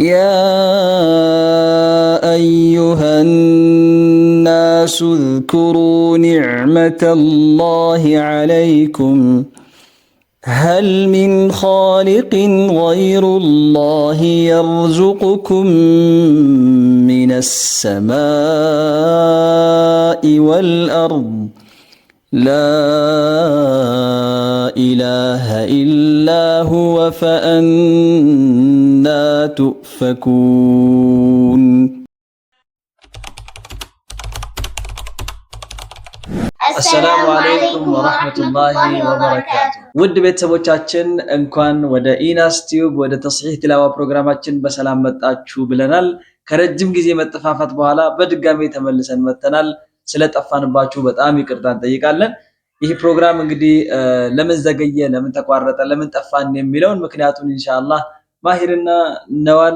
يا ايها الناس اذكروا نعمه الله عليكم هل من خالق غير الله يرزقكم من السماء والارض لا اله الا هو فأنت ቱፈኩን። አሰላሙ አለይኩም ወረህመቱላሂ ወበረካቱ። ውድ ቤተሰቦቻችን እንኳን ወደ ኢናስ ቲዩብ ወደ ተስሒህ ቲላዋ ፕሮግራማችን በሰላም መጣችሁ ብለናል። ከረጅም ጊዜ መጠፋፋት በኋላ በድጋሚ ተመልሰን መጥተናል። ስለጠፋንባችሁ በጣም ይቅርታ እንጠይቃለን። ይህ ፕሮግራም እንግዲህ ለምን ዘገየ፣ ለምን ተቋረጠ፣ ለምን ጠፋን የሚለውን ምክንያቱን ኢንሻአላህ ማሂርና ነዋል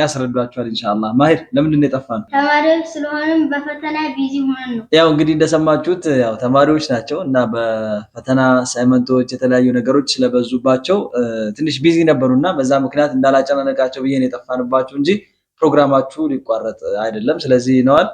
ያስረዷቸዋል ኢንሻአላህ። ማሂር ለምንድን ነው ተማሪዎች ስለሆንም በፈተና ቢዚ ሆነን ነው። ያው እንግዲህ እንደሰማችሁት ያው ተማሪዎች ናቸው እና በፈተና ሳይመንቶች የተለያዩ ነገሮች ስለበዙባቸው ትንሽ ቢዚ ነበሩና በዛ ምክንያት እንዳላጨናነቃቸው ብዬ ነው የጠፋንባቸው እንጂ ፕሮግራማችሁ ሊቋረጥ አይደለም። ስለዚህ ነዋል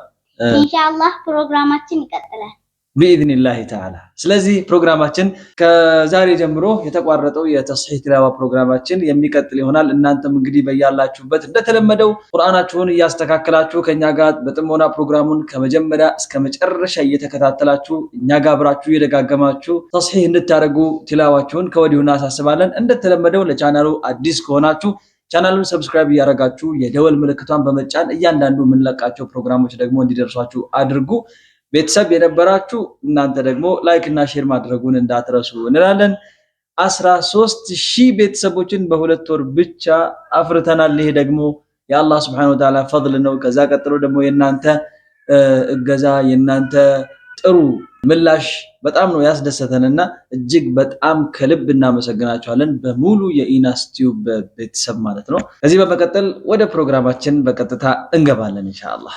ኢንሻአላህ ፕሮግራማችን ይቀጥላል። ቢኢዝኒላሂ ተዓላ። ስለዚህ ፕሮግራማችን ከዛሬ ጀምሮ የተቋረጠው የተስሒህ ቲላዋ ፕሮግራማችን የሚቀጥል ይሆናል። እናንተም እንግዲህ በያላችሁበት እንደተለመደው ቁርአናችሁን እያስተካከላችሁ ከእኛ ጋር በጥሞና ፕሮግራሙን ከመጀመሪያ እስከ መጨረሻ እየተከታተላችሁ እኛ ጋር አብራችሁ እየደጋገማችሁ ተስሒህ እንድታደርጉ ቲላዋችሁን ከወዲሁ እናሳስባለን። እንደተለመደው ለቻናሉ አዲስ ከሆናችሁ ቻናሉን ሰብስክራይብ እያደረጋችሁ የደወል ምልክቷን በመጫን እያንዳንዱ የምንለቃቸው ፕሮግራሞች ደግሞ እንዲደርሷችሁ አድርጉ። ቤተሰብ የነበራችሁ እናንተ ደግሞ ላይክ እና ሼር ማድረጉን እንዳትረሱ እንላለን። አስራ ሶስት ሺህ ቤተሰቦችን በሁለት ወር ብቻ አፍርተናል። ይሄ ደግሞ የአላህ ስብሐነሁ ወተዓላ ፈድል ነው። ከዛ ቀጥሎ ደግሞ የእናንተ እገዛ የእናንተ ጥሩ ምላሽ በጣም ነው ያስደሰተንና እጅግ በጣም ከልብ እናመሰግናቸዋለን በሙሉ የኢናስ ቤተሰብ ማለት ነው። ከዚህ በመቀጠል ወደ ፕሮግራማችን በቀጥታ እንገባለን ኢንሻአላህ።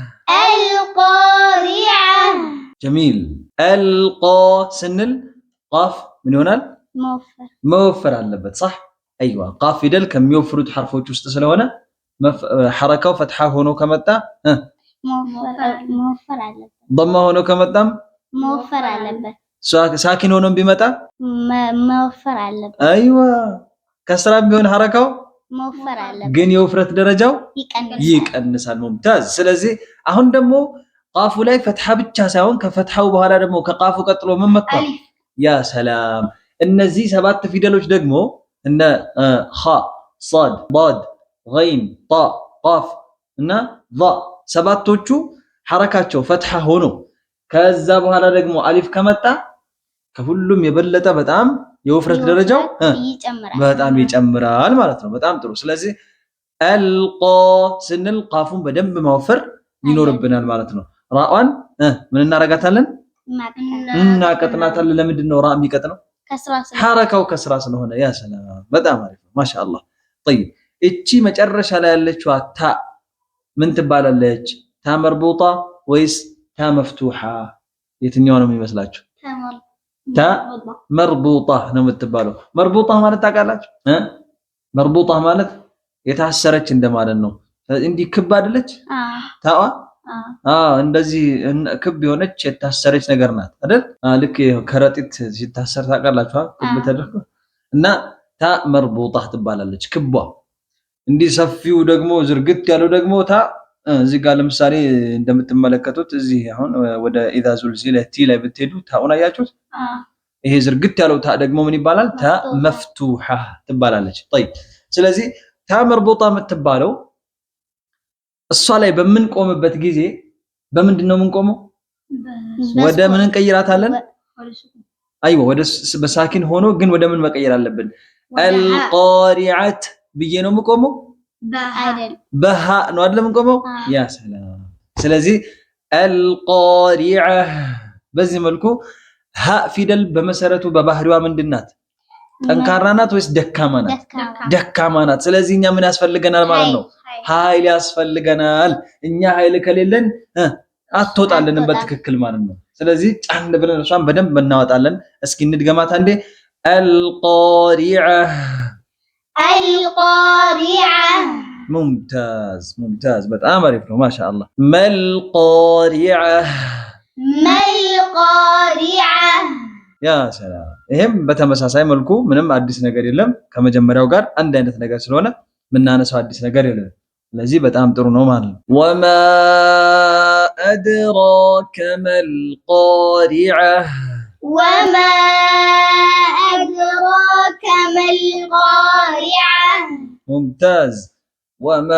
አልቃሪዓ ጀሚል አልቆ ስንል ቃፍ ምን ይሆናል? መወፈር አለበት። ሳህ አይዋ ቃፍ ፊደል ከሚወፍሩት ሐርፎች ውስጥ ስለሆነ ሐረካው ፈትሓ ሆኖ ከመጣ መወፈር አለበት። ደማ ሆኖ ከመጣም መወፈር አለበት። ሳኪን ሆኖም ቢመጣ መወፈር አለበት። አይዋ ከስራም ቢሆን ሐረካው ግን የውፍረት ደረጃው ይቀንሳል። ሙምታዝ። ስለዚህ አሁን ደግሞ ቃፉ ላይ ፈትሐ ብቻ ሳይሆን ከፈትሐው በኋላ ደግሞ ከቃፉ ቀጥሎ ምን መጣ? ያ ሰላም። እነዚህ ሰባት ፊደሎች ደግሞ እነ ኻ፣ ጻድ፣ ዳድ፣ ገይም፣ ጣ፣ ቃፍ እና ዛ ሰባቶቹ ሐረካቸው ፈትሐ ሆኖ ከዛ በኋላ ደግሞ አሊፍ ከመጣ ከሁሉም የበለጠ በጣም የውፍረት ደረጃው በጣም ይጨምራል ማለት ነው። በጣም ጥሩ። ስለዚህ አልቆ ስንል ቃፉን በደንብ ማውፈር ይኖርብናል ማለት ነው። ራዋን ምን እናረጋታለን? እናቀጥናታለን። ለምንድን ነው ራ የሚቀጥነው? ሐረካው ከስራ ስለሆነ። ያ ሰላም፣ በጣም አሪፍ ነው። ማሻአላህ። ጠይብ፣ እቺ መጨረሻ ላይ ያለችዋ ታ ምን ትባላለች? ታ መርቡጣ ወይስ ታ መፍቱሓ? የትኛው ነው የሚመስላችሁ? ታ መርቡጣ ነው የምትባለው። መርቡጣ ማለት ታውቃላችሁ? መርቡጣ ማለት የታሰረች እንደማለት ነው። እንዲህ ክብ አይደለች ታዋ እንደዚህ ክብ የሆነች የታሰረች ነገር ናት አይደል? ልክ ከረጢት ሲታሰር ታውቃላችሁ? ክብ ተደርጎ እና ታ መርቡጣ ትባላለች። ክቧ እንዲህ ሰፊው ደግሞ ዝርግት ያለው ደግሞ ታ እዚህ ጋር ለምሳሌ እንደምትመለከቱት እዚህ አሁን ወደ ኢዛዙል ዚ ቲ ላይ ብትሄዱ ታውን አያችሁት? ይሄ ዝርግት ያለው ታ ደግሞ ምን ይባላል? ታ መፍቱሃ ትባላለች። ጠይብ ስለዚህ ታ መርቦጣ የምትባለው እሷ ላይ በምንቆምበት ጊዜ በምንድን ነው የምንቆመው? ወደ ምን እንቀይራታለን? አይዎ ወደ በሳኪን ሆኖ ግን ወደ ምን መቀየር አለብን? አልቃሪዐት ብዬ ነው የምቆመው በሃ ነው አይደለም እንቆመው። ያ ሰላም። ስለዚህ አልቃሪዐ በዚህ መልኩ ሃ ፊደል በመሰረቱ በባህሪዋ ምንድን ናት? ጠንካራ ናት ወይስ ደካማ ናት? ደካማ ናት። ስለዚህ እኛ ምን ያስፈልገናል ማለት ነው? ኃይል ያስፈልገናል። እኛ ኃይል ከሌለን አትወጣልንም በትክክል ማለት ነው። ስለዚህ ጫን ብለን እሷን በደንብ እናወጣለን። እስኪ እንድገማታ እንዴ አልቃሪዐ አልቃሪዓ ሙምታዝ ሙምታዝ በጣም አሪፍ ነው። ማሻአላህ መልቃሪዓ መልቃሪዓ ያ ሰላም። ይሄም በተመሳሳይ መልኩ ምንም አዲስ ነገር የለም ከመጀመሪያው ጋር አንድ አይነት ነገር ስለሆነ የምናነሳው አዲስ ነገር የለም። ስለዚህ በጣም ጥሩ ነው ማለት ነው። ወማ አድራከ መልቃሪዓ ወማ አድራከ መልቃሪዓ ሙምታዝ። ወማ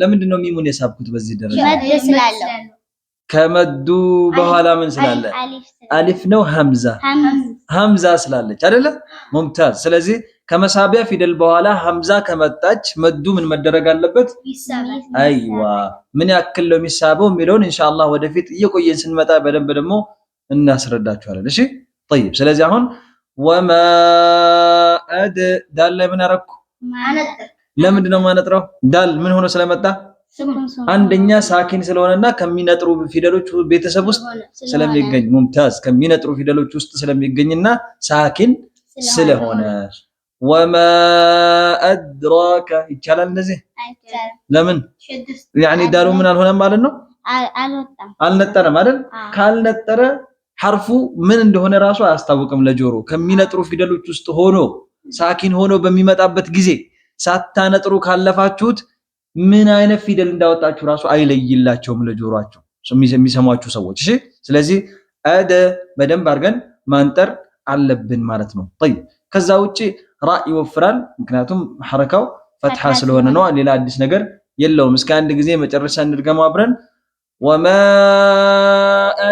ለምንድን ነው ሚሙን የሳብኩት? በዚህ ደረጃ ከመዱ በኋላ ምን ስላለ? አሊፍ ነው ሀምዛ ሀምዛ ስላለች አይደለ? ሙምታዝ። ስለዚህ ከመሳቢያ ፊደል በኋላ ሀምዛ ከመጣች መዱ ምን መደረግ አለበት? አይዋ ምን ያክል ነው የሚሳበው የሚለውን ኢንሻአላህ ወደፊት እየቆየን ስንመጣ በደንብ ደግሞ እናስረዳችኋለን። እሺ ጠይብ። ስለዚህ አሁን ወማ አድ ዳል ላይ ምን አረኩ? ለምንድን ነው የማነጥረው? ዳል ምን ሆኖ ስለመጣ አንደኛ ሳኪን ስለሆነና ከሚነጥሩ ፊደሎች ቤተሰብ ውስጥ ስለሚገኝ ሙምታዝ፣ ከሚነጥሩ ፊደሎች ውስጥ ስለሚገኝና ሳኪን ስለሆነ ወማ አድራከ ይቻላል። እንደዚህ ለምን ያኔ ዳሉ ምን አልሆነም ማለት ነው፣ አልነጠረም አይደል? ካልነጠረ ሐርፉ ምን እንደሆነ ራሱ አያስታውቅም ለጆሮ ከሚነጥሩ ፊደሎች ውስጥ ሆኖ ሳኪን ሆኖ በሚመጣበት ጊዜ ሳታነጥሩ ካለፋችሁት ምን አይነት ፊደል እንዳወጣችሁ ራሱ አይለይላቸውም ለጆሮአችሁ የሚሰሟችሁ ሰዎች። እሺ፣ ስለዚህ አደ በደንብ አድርገን ማንጠር አለብን ማለት ነው። ጠይብ፣ ከዛ ውጪ ራ ይወፍራል። ምክንያቱም ሐረካው ፈትሐ ስለሆነ ነው። ሌላ አዲስ ነገር የለውም። እስከ አንድ ጊዜ መጨረሻ እንድገማ አብረን وما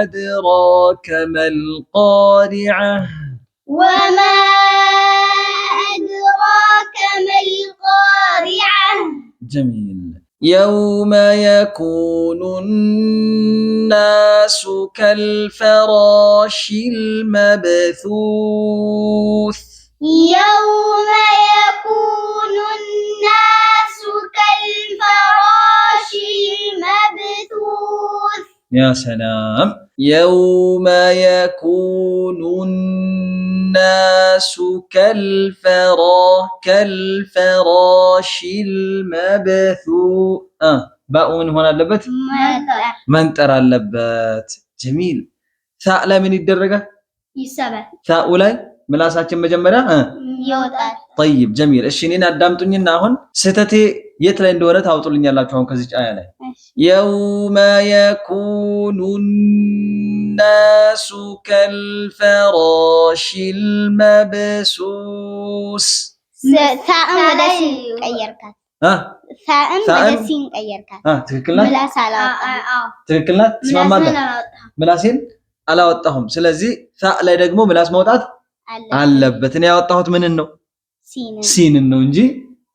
أدراك ما القارعة وما أدراك ما القارعة جميل يوم يكون الناس كالفراش المبثوث يوم يكون الناس كالفراش المبثوث يا سلام يوم يكون الناس كالفرا كالفراش المبثوث آه. باء من هنا لبت መንጠር አለበት ጀሚል ታእ ላይ ምን الدرجة ይሰበል ታኡ ምላሳችን መጀመሪያ ይወጣል። ጠይብ ጀሚል። እሺ እኔን አዳምጡኝና አሁን ስህተቴ የት ላይ እንደሆነ ታውጡልኛላችሁ። አሁን ከዚህ ጫያ ላይ የውመ የኩኑ ናሱ ከልፈራሽ ልመብሱስ ሳእን ወደ ሲን ቀየርካት። ትክክል ናት። ትስማማለህ? ምላሴን አላወጣሁም። ስለዚህ ሳእ ላይ ደግሞ ምላስ መውጣት አለበት። እኔ ያወጣሁት ምንን ነው? ሲንን ነው እንጂ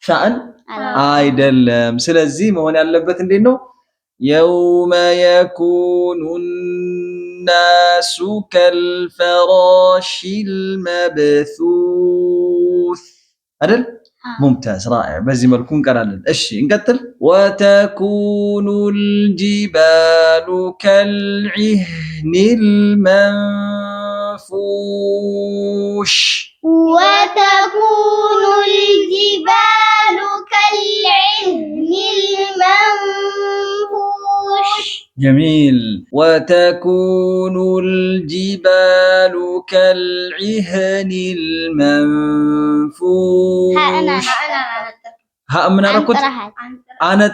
ሻእን አይደለም። ስለዚህ መሆን ያለበት እንዴት ነው? የውመ የኩኑ ናሱ ከልፈራሺል መብሱስ አይደል? ሙምታዝ ራእ በዚህ መልኩ እንቀራለን። እሺ እንቀጥል። ወተኩኑ ልጅባሉ ከልዒህኒል መን منفوش وتكون الجبال كالعهن المنفوش جميل وتكون الجبال كالعهن المنفوش ها أنا ها أنا من أركض أنا أنا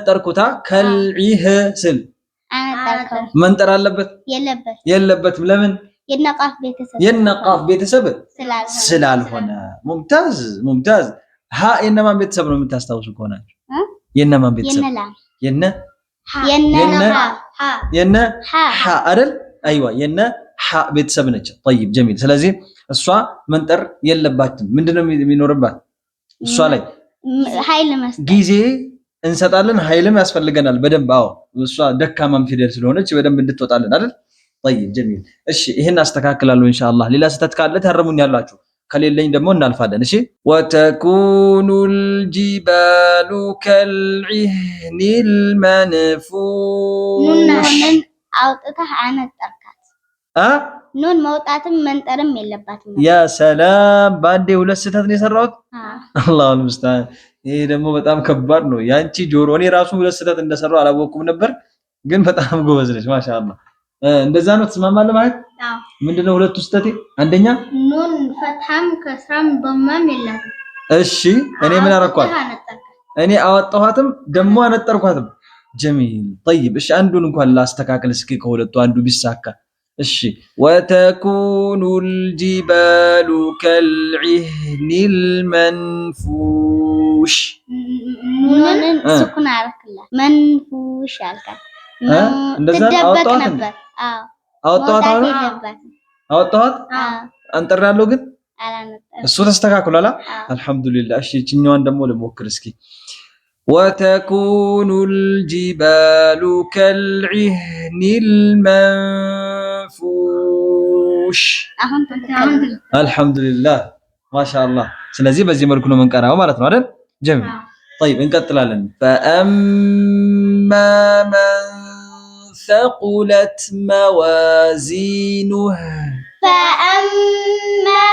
كالعهن من ترى اللبت يلبت يلبت لمن የነቃፍ ቤተሰብ ስላልሆነ ሙምታዝ ሙምታዝ ሀ የነማን ቤተሰብ ነው የምታስታውሱ ከሆናችሁ የነማን ቤተሰብ የነ የነ ሀ አይደል አይዋ የነ ሀ ቤተሰብ ነች ጠይብ ጀሚል ስለዚህ እሷ መንጠር የለባትም ምንድነው የሚኖርባት እሷ ላይ ጊዜ እንሰጣለን ኃይልም ያስፈልገናል በደንብ አዎ እሷ ደካማም ፊደል ስለሆነች በደንብ እንድትወጣለን አይደል ጠይብ ጀሚል። እሺ ይህን አስተካክላለሁ ኢንሻአላህ። ሌላ ስህተት ካለ ታረሙኝ ያላችሁ፣ ከሌለኝ ደግሞ እናልፋለን። እሺ ወተኩኑ ልጅባሉ ከልዒህኒ ልመንፉሽ ምን አውጥተህ አነጠርካት። ኑን መውጣትም መንጠርም የለባትም። ያ ሰላም በአንዴ ሁለት ስህተት ነው የሰራሁት። አላሁ ልሙስተዓን። ይሄ ደግሞ በጣም ከባድ ነው። ያንቺ ጆሮ እኔ ራሱ ሁለት ስህተት እንደሰራው አላወኩም ነበር፣ ግን በጣም ጎበዝ ነች ማሻአላህ እንደዛ ነው። ትስማማለህ ማለት አዎ። ምንድነው? ሁለቱ ስህተቴ አንደኛ ኑን ፈትሐም ከስራም በማም የላት። እሺ እኔ ምን አረኳት? እኔ አወጣኋትም ደግሞ አነጠርኳትም። ጀሚል ጠይብ። እሺ አንዱን እንኳን ላስተካክል እስኪ ከሁለቱ አንዱ ቢሳካ። እሺ ወተኩኑ ልጅባሉ ከልዕህኒል መንፉሽ ኑንን ስኩን አረክላ መንፉሽ አልካት እንደዛ አወጣኋት ነበር። አዎ አወጣኋት አንጠራለሁ ግን እሱ ተስተካክሏል። አልሐምዱሊላህ። እሺ እችኛዋን ደግሞ ልሞክር እስኪ ወተኩኑ ልጅባሉ ከልዕህኒ ልመንፉሽ። አልሐምዱሊላህ ማሻአላህ። ስለዚህ በዚህ መልኩ ነው የምንቀራው ማለት ነው አይደል? ጀሚል ጠይብ፣ እንቀጥላለን። ፈአማ መን ثقلت موازينه فأما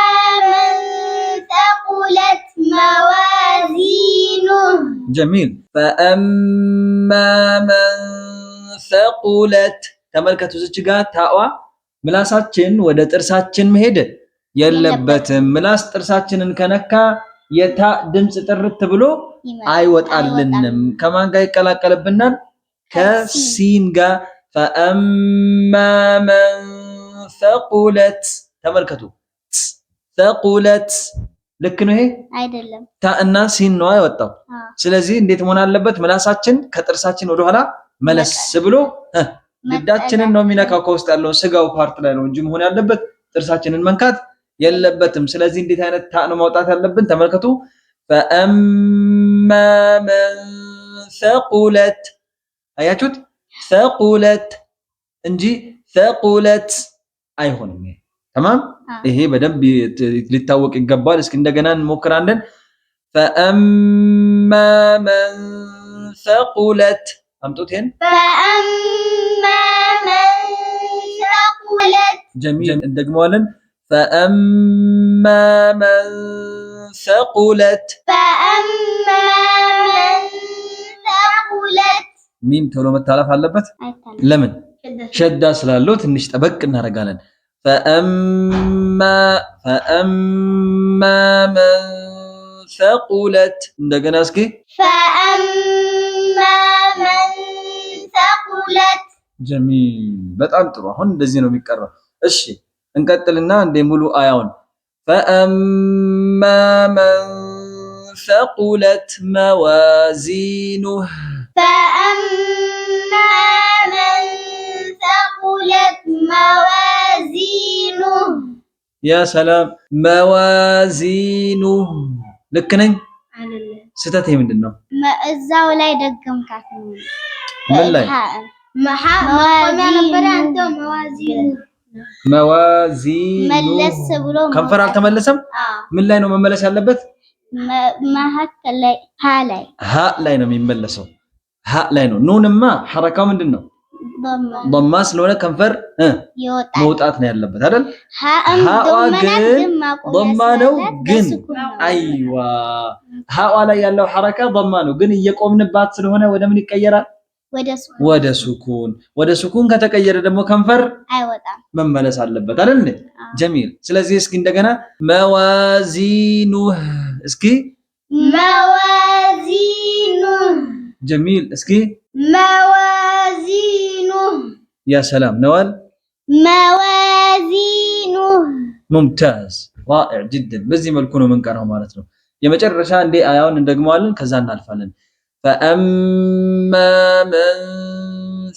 من ثقلت موازينه جميل فأما من ثقلت ተመልከቱ እዚች ጋር ታዋ ምላሳችን ወደ ጥርሳችን መሄድ የለበትም። ምላስ ጥርሳችንን ከነካ የታ ድምፅ ጥርት ብሎ አይወጣልንም። ከማን ጋር ይቀላቀልብናል? ከሲን ጋር ፈአማ መን ሰቁለት ተመልከቱ፣ ሰቁለት ልክ ነው። ይሄ አይደለም ታእና ሲን ነው የወጣው። ስለዚህ እንዴት መሆን አለበት? ምላሳችን ከጥርሳችን ወደኋላ መለስ ብሎ ልዳችንን ነው የሚነካው። ከውስጥ ያለውን ስጋው ፓርት ላይ ነው እንጂ መሆን ያለበት ጥርሳችንን መንካት የለበትም። ስለዚህ እንዴት አይነት ታ ነው ማውጣት ያለብን? ተመልከቱ ፈአማ መን ሰቁለት አያችሁት? ሰቁለት እንጂ ሰቁለት አይሆንም። ተማም ይሄ በደንብ ሊታወቅ ይገባል። እስኪ እንደገና እንሞክራለን። ፈአማ መን ሰቁለት አምጡት። ጀሚል እንደግመዋለን። ፈአማ መን ሰቁለት ሚም ቶሎ መታለፍ አለበት። ለምን? ሸዳ ስላለው ትንሽ ጠበቅ እናደርጋለን። ፈአማ መን ሰቁለት እንደገና እስኪ ጀሚል በጣም ጥሩ። አሁን እንደዚህ ነው የሚቀረው። እሺ እንቀጥልና እንደ ሙሉ አያውን ፈአማ መን ሰቁለት መዋዚኑህ فأما من ثقلت موازينه يا سلام موازينه ልክ ነኝ ስህተት ይሄ ምንድን ነው? እዛው ላይ ደገምካት ምን ላይ መዋዚኑ መለስ ብሎ ከንፈር አልተመለሰም። ምን ላይ ነው መመለስ ያለበት? መሀከል ላይ ሀ ላይ ሀ ላይ ነው የሚመለሰው። ሀ ላይ ነው። ኑንማ ሐረካው ምንድን ነው? ዶማ ስለሆነ ከንፈር መውጣት ነው ያለበት አይደል? ሀዋ ግን ዶማ ነው። ግን አይዋ ሀዋ ላይ ያለው ሐረካ ዶማ ነው። ግን እየቆምንባት ስለሆነ ወደ ምን ይቀየራል? ወደ ሱኩን። ወደ ሱኩን ከተቀየረ ደግሞ ከንፈር መመለስ አለበት አይደል? ጀሚል። ስለዚህ እስኪ እንደገና መዋዚኑህ እስኪ መዋዚኑህ جميل اسكي موازينه يا سلام نوال موازينه ممتاز رائع جدا بس ما يكونوا من مالتنا يا የመጨረሻ እንዴ اياون እንደግመዋለን كذا نالفالن فأما من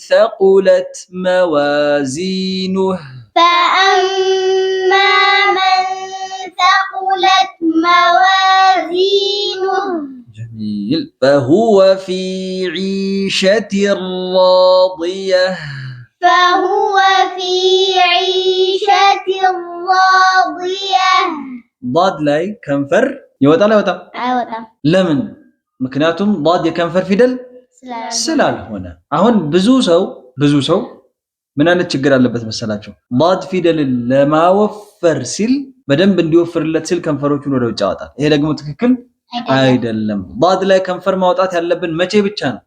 ثقلت موازينه فأما من ثقلت موازينه جميل فهو في عيشة راضية فهو في عيشة راضية ضاد لاي كم فر يوتا لا يوتا لمن مكناتهم ضاد كم فر في دل سلال, سلال هنا أهون بزوسو بزوسو من أنا تشجر على بس شو ضاد في دل لما وفر سيل بدن بندي وفر لا سيل كم فروتشون ولا وجاتا هي رقم تككل አይደለም። ባድ ላይ ከንፈር ማውጣት ያለብን መቼ ብቻ ነው?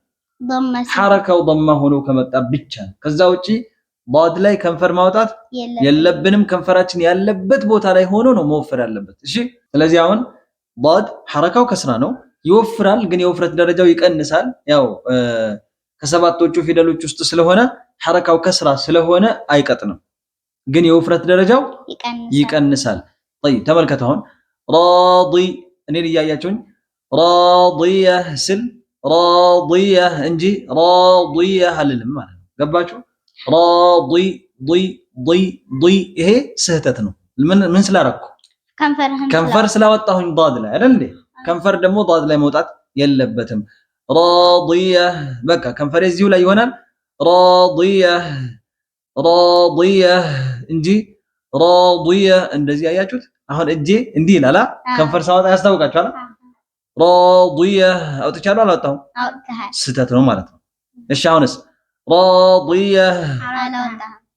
ሐረካው ضማ ሆኖ ከመጣ ብቻ ነው። ከዛ ውጪ ባድ ላይ ከንፈር ማውጣት የለብንም። ከንፈራችን ያለበት ቦታ ላይ ሆኖ ነው መወፈር ያለበት። እሺ። ስለዚህ አሁን ዳድ ሐረካው ከስራ ነው፣ ይወፍራል፣ ግን የውፍረት ደረጃው ይቀንሳል። ያው ከሰባቶቹ ፊደሎች ውስጥ ስለሆነ ሐረካው ከስራ ስለሆነ አይቀጥንም፣ ግን የውፍረት ደረጃው ይቀንሳል። ጠይብ ተመልከት ራዲ እኔን እያያቸውኝ ራዲየህ ስል ራዲየህ እንጂ ራዲየህ አልልም ማለት ነው። ገባችሁ? ራዲ ይሄ ስህተት ነው። ምን ስላረኩ? ከንፈር ስላወጣሁኝ ዳድ ላይ አይደል እንዴ? ከንፈር ደግሞ ዳድ ላይ መውጣት የለበትም። ራዲየህ በቃ ከንፈሬ እዚሁ ላይ ይሆናል። ራዲየህ ራዲየህ እንጂ ራዲየህ እንደዚህ አያችሁት? አሁን እጄ እንዲህ ይላል አ ከንፈር ሳወጣ ያስታውቃችኋል። ራዲያ አውጥቻለሁ አላወጣሁም? ስህተት ነው ማለት ነው። እሺ አሁንስ ራዲያ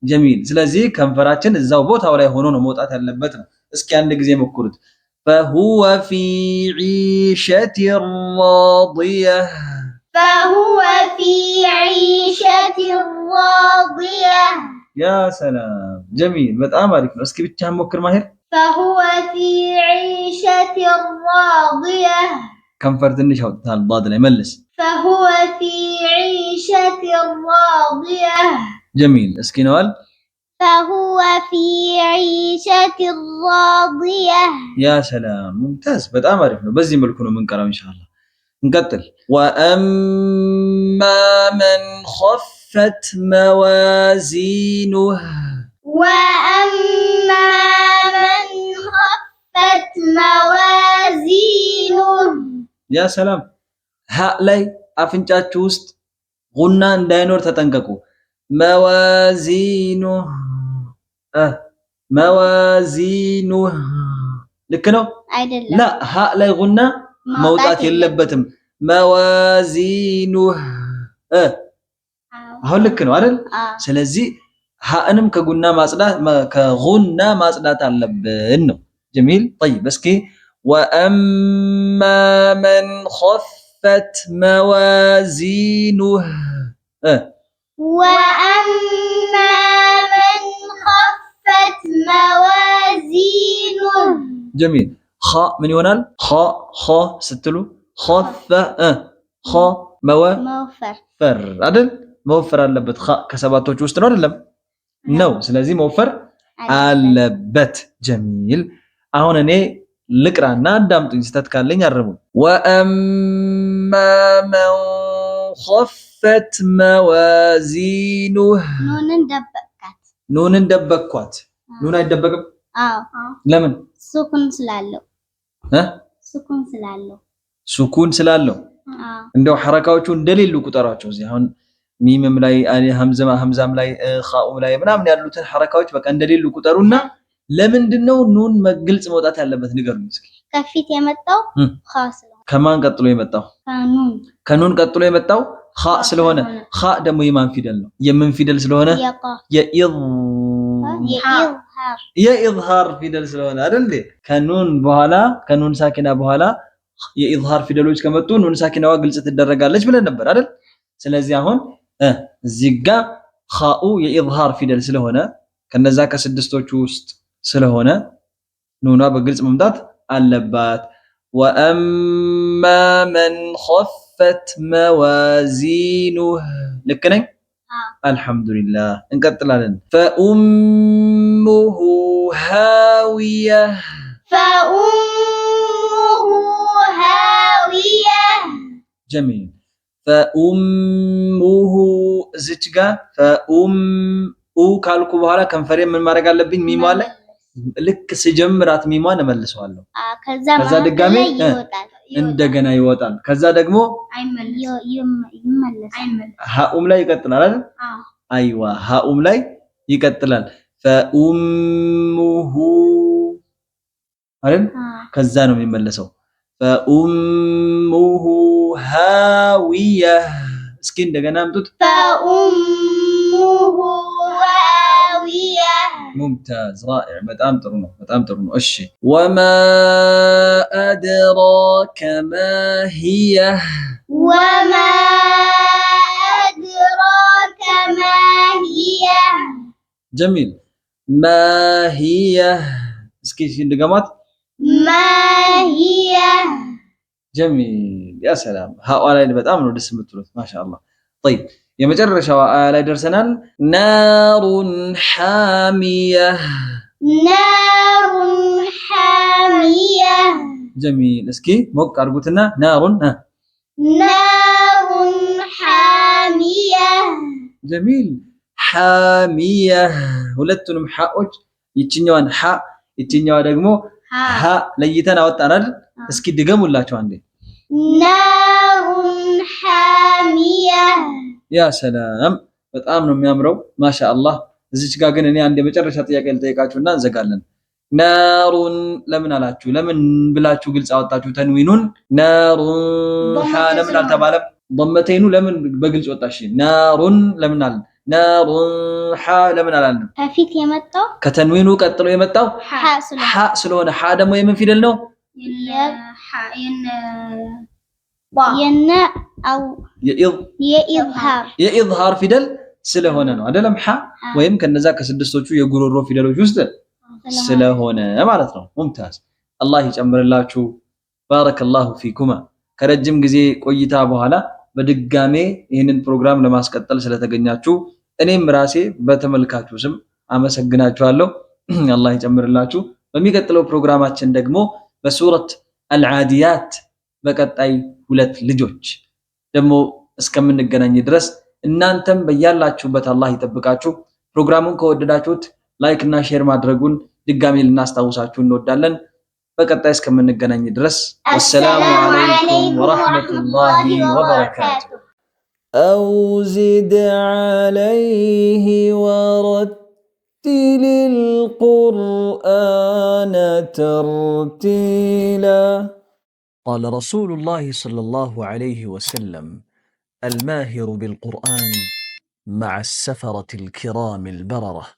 ጀሚል። ስለዚህ ከንፈራችን እዛው ቦታው ላይ ሆኖ ነው መውጣት ያለበት ነው። እስኪ አንድ ጊዜ ሞክሩት። فهو في عيشة راضية فهو في عيشة راضية يا سلام جميل በጣም አሪፍ ነው። እስኪ ብቻህን ሞክር ማሄር فهو في عيشة راضية كم فرد النشا الضاد يملس فهو في عيشة راضية جميل اسكينوال فهو في عيشة راضية يا سلام ممتاز بدأ عارف ነው من መልኩ إن شاء الله نقتل واما من خفت موازينه ወአማ መን ኸፈት መዋዚኑ ያ ሰላም ሀ ላይ አፍንጫችሁ ውስጥ ጉና እንዳይኖር ተጠንቀቁ። መዋዚኑ መዋዚኑ ልክ ነው አይደለም? ላ ሀ ላይ ጉና መውጣት የለበትም። መዋዚኑ አሁን ልክ ነው አይደል? ስለዚህ ሀእንም ከጉና ማጽዳት ከጉና ማጽዳት አለብን ነው። ጀሚል ጠይብ። እስኪ ወአማ መን ኸፈት መዋዚኑህ ወአማ መን ኸፈት መዋዚኑህ ጀሚል ኸ ምን ይሆናል? ኸ ኸ ስትሉ ኸፈ ኸ መወፈር አይደል? መወፈር አለበት። ከሰባቶች ውስጥ ነው አይደለም? ነው። ስለዚህ መወፈር አለበት። ጀሚል አሁን እኔ ልቅራና አዳምጡኝ፣ ስተት ካለኝ አረሙኝ። ወአማ መን ኸፈት መዋዚኑህ ኑንን ደበቅኳት። ኑን አይደበቅም። ለምን? ሱኩን ስላለው ሱኩን ስላለው ሱኩን ስላለው እንደው ሐረካዎቹ እንደሌሉ ቁጠሯቸው እዚህ አሁን ሚምም ላይ ሀምዛም ላይ ኻኡም ላይ ምናምን ያሉትን ሐረካዎች በቃ እንደሌሉ ቁጠሩና ለምንድን ነው ኑን ግልጽ መውጣት ያለበት ንገሩኝ እስኪ። ከፊት የመጣው ከማን ቀጥሎ የመጣው ከኑን ቀጥሎ የመጣው ኻ ስለሆነ ኻ ደግሞ የማን ፊደል ነው? የምን ፊደል ስለሆነ የኢዝሃር ፊደል ስለሆነ አይደል ከኑን በኋላ ከኑን ሳኪና በኋላ የኢዝሃር ፊደሎች ከመጡ ኑን ሳኪናዋ ግልጽ ትደረጋለች ብለን ነበር አይደል? ስለዚህ አሁን እዚህ ጋ ኻኡ የኢዝሃር ፊደል ስለሆነ ከነዛ ከስድስቶቹ ውስጥ ስለሆነ ኑኗ በግልጽ መምጣት አለባት። ወአማ መን ኸፈት መዋዚኑህ ልክ ነኝ። አልሐምዱሊላህ እንቀጥላለን። ፈኡሙሁ ሃዊየህ ጀሚል ፈኡሙሁ እዚች ጋር ፈኡምኡ ካልኩ በኋላ ከንፈሬ ምን ማድረግ አለብኝ? ሚሟ ላይ ልክ ስጀምራት ሚሟን እመልሰዋለሁ። ከዛ ድጋሜ እንደገና ይወጣል። ከዛ ደግሞ ሀኡም ላይ ይቀጥላል አይደል? አይዋ ሀኡም ላይ ይቀጥላል። ፈኡሙሁ አይደል? ከዛ ነው የሚመለሰው። فأمه هاوية ده دقنا توت فأمه هاوية ممتاز رائع مدام ترنو مدام ترنو أشي وما أدراك ما هي وما أدراك ما هي جميل ما هي اسكين دقمات ማሂያ ጀሚል ያ ሰላም ሀዋ ላይ በጣም ነው ደስ የምትሉት ማሻአላህ ጠይብ የመጨረሻዋ አያ ላይ ደርሰናል ናሩን ሐሚያ ናሩን ሐሚያ ጀሚል እስኪ ሞቅ አድርጉትና ናሩን ናሩን ሐሚያ ጀሚል ሐሚያ ሁለቱንም ሐዎች ይችኛዋን ሐ ይችኛዋ ደግሞ ሀ ለይተን አወጣናል። እስኪ ድገሙላችሁ አንዴ። ናሩን ሐሚያ። ያ ሰላም በጣም ነው የሚያምረው ማሻአላህ። እዚች ጋር ግን እኔ አንድ የመጨረሻ ጥያቄ ልጠይቃችሁና እንዘጋለን። ናሩን ለምን አላችሁ? ለምን ብላችሁ ግልጽ አወጣችሁ? ተንዊኑን ናሩን ለምን አልተባለም? በመተይኑ ለምን በግልጽ ወጣሽ? ናሩን ለምን አለ ነሩን ሓ ለምን አላልንም? ከፊት የመጣው ከተንዊኑ ቀጥሎ የመጣው ሓ ስለሆነ ሓ ደግሞ የምን ፊደል ነው? የኢዝሃር ፊደል ስለሆነ ነው አይደለም? ሓ ወይም ከነዛ ከስድስቶቹ የጉሮሮ ፊደሎች ውስጥ ስለሆነ ማለት ነው። ሙምታዝ አላህ ይጨምርላችሁ። ባረከላሁ ፊኩማ። ከረጅም ጊዜ ቆይታ በኋላ በድጋሜ ይህንን ፕሮግራም ለማስቀጠል ስለተገኛችሁ እኔም ራሴ በተመልካቹ ስም አመሰግናችኋለሁ። አላህ ይጨምርላችሁ። በሚቀጥለው ፕሮግራማችን ደግሞ በሱረት አልዓዲያት በቀጣይ ሁለት ልጆች ደግሞ እስከምንገናኝ ድረስ እናንተም በያላችሁበት አላህ ይጠብቃችሁ። ፕሮግራሙን ከወደዳችሁት ላይክ እና ሼር ማድረጉን ድጋሚ ልናስታውሳችሁ እንወዳለን። በቀጣይ እስከምንገናኝ ድረስ ወሰላሙ አለይኩም ወራህመቱላሂ ወበረካቱ። أو زد عليه ورتل القرآن ترتيلا قال رسول الله صلى الله عليه وسلم الماهر بالقرآن مع السفرة الكرام البررة